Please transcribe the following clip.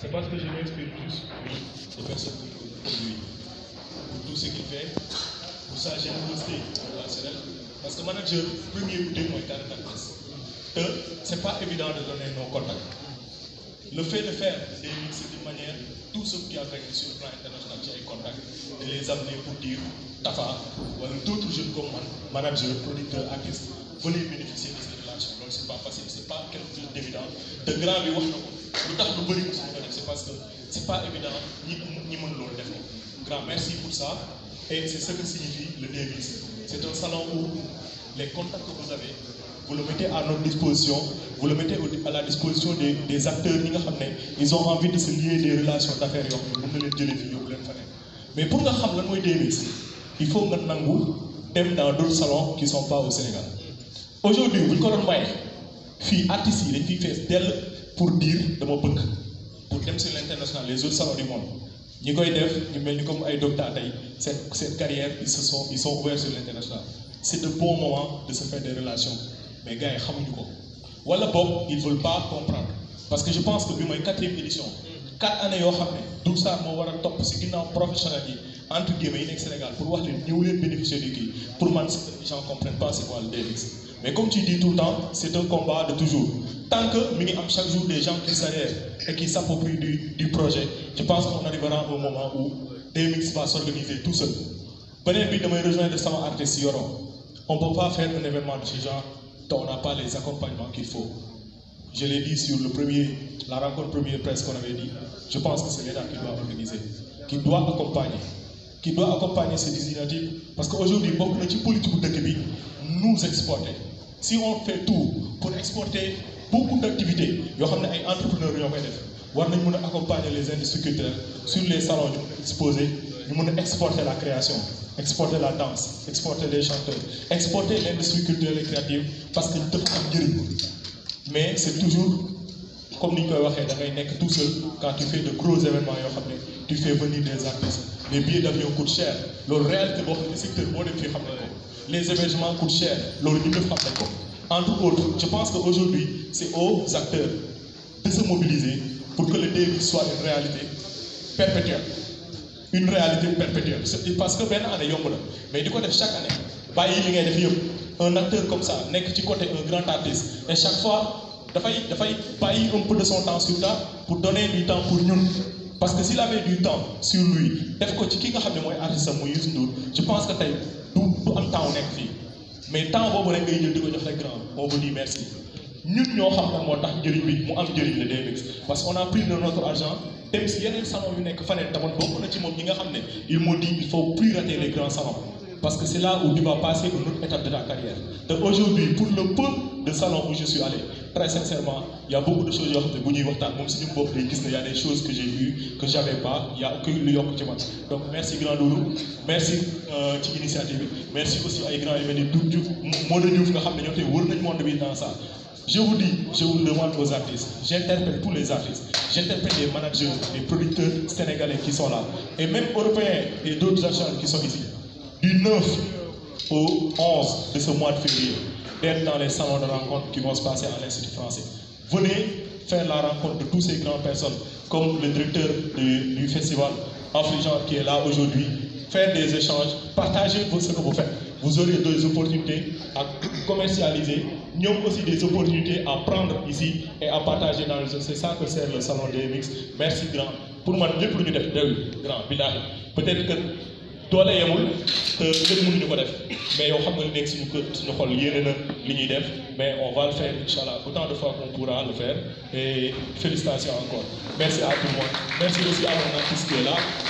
C'est parce que je m'inspire plus, les personnes comme lui. Pour tout ce qu'il fait, pour ça j'ai investi Parce que manager, premier ou deux mois, il c'est pas évident de donner nos contacts. Le fait de faire des mix manière, tous ceux qui travaillé sur le plan international, j'ai contacts, de les amener pour dire Tafa, ou autre jeune comme moi, manager, producteur, artiste, venez bénéficier de cette relation, ce c'est pas facile, c'est pas quelque chose d'évident. De grave, il lu tax c'est parce que c'est pas évident ni ñi mën loolu def grand merci pour ça et c'est ce que signifie le DEVIS c'est un salon où les contacts que vous avez vous le mettez à notre disposition vous le mettez à la disposition des acteurs qui ils ont envie de se lier des relations d'affaires yoo xam ne mën na leen jëlee fii yóbbu mais pour nga xam lan mooy il faut nga nangu dem dans d'autres salons qui ne sont pas au Sénégal aujourd'hui vous le ko doon les artistes yi dañ fiy fees pour dire dama bëgg pour dem sur l'international, les autres salons du monde ñi koy def ñu comme ay docteur cette cette carrière ils se sont ils sont ouverts sur l'international. C'est le de bon moment de se faire des relations mais gars yi xamuñu ko wala alors, ils veulent pas comprendre parce que je pense que depuis ma quatrième édition quatre années ils xam d'où ça Sarr moo top c'est qu'ils professionnel yi entre guillemets ils Sénégal pour voir les bénéficiaires de bénéficier du qui pour que les gens comprennent pas c'est quoi le mais comme tu dis tout le temps, c'est un combat de toujours. Tant que nous avons chaque jour des gens qui s'arrêtent et qui s'approprient du, projet, je pense qu'on arrivera au moment où des va s'organiser tout seul. Prenez but de me rejoindre sans sioron On ne peut pas faire un événement de ce genre tant on n'a pas les accompagnements qu'il faut. Je l'ai dit sur le premier, la rencontre première presse qu'on avait dit. Je pense que c'est l'État qui doit organiser, qui doit accompagner, qui doit accompagner ces initiatives. Parce qu'aujourd'hui, beaucoup de politiques de Québec, nous exporter si on fait tout pour exporter beaucoup d'activités il y a des entrepreneurs qui koy def war nañ mën a accompagner les industries culturelles sur les salons exposés. Nous ñu exporter la création exporter la danse exporter les chanteurs exporter l'industrie culturelle et créative parce qu'ils sont en njëriñ mais c'est toujours comme nous koy da tout seul quand tu fais de gros événements tu fais venir des artistes les billets d'avion coûtent cher le réel, que bon ne secteur est dem les hébergements coûtent cher ne peut pas être nañ En entre autres je pense qu'aujourd'hui, c'est aux acteurs de se mobiliser pour que le début soit une réalité perpétuelle une réalité perpétuelle parce que on on est là. mais du côté de chaque année il li ngay def un acteur comme ça que ci côté un grand artiste et chaque fois il dafay payer un peu de son temps sur ça pour donner du temps pour nous. parce que s'il avait du temps sur lui il ko ci ki nga artiste je pense que mu nekk fii mais temps boobu rek ngay jël di ko jox rek grand on vous dit merci ñun ñoo xam ne moo tax njëriñ bi mu am njëriñ la DMX parce que on a pris de notre argent dem si yeneen salon yu nekk faneen tamit bokk na ci moom ñi nga xam ne il dit il faut plus rater les grands salons parce que c'est là où tu vas passer une autre étape de ta carrière te aujourd'hui pour le peu de salon où je suis allé très sincèrement, il y a beaucoup de choses Même si il y a des choses que j'ai vues, que j'avais pas, il y a que le York Donc merci Grand Loulou, merci euh, l'initiative, merci aussi à Grand Événement, tout le monde dans ça. Je vous dis, je vous demande aux artistes, j'interpelle tous les artistes, j'interpelle les managers, les producteurs sénégalais qui sont là, et même européens et d'autres agents qui sont ici. Du 9 au 11 de ce mois de février, d'être dans les salons de rencontres qui vont se passer à l'Institut français. Venez faire la rencontre de tous ces grandes personnes, comme le directeur du, du festival Jean, qui est là aujourd'hui, faire des échanges, partager ce que vous faites. Vous aurez des opportunités à commercialiser, nous aussi des opportunités à prendre ici et à partager dans le C'est ça que sert le salon DMX. Merci grand. Pour moi, le plus grand, Peut-être que doole yemul te lépp mënuñu ko def mais yow xam nga li nekk suñu kër suñu xol yéene li ñuy def mais on va le faire inch'allah, autant de fois qu'on pourra le faire et félicitations encore merci à tout le monde merci aussi à mon artiste qui est là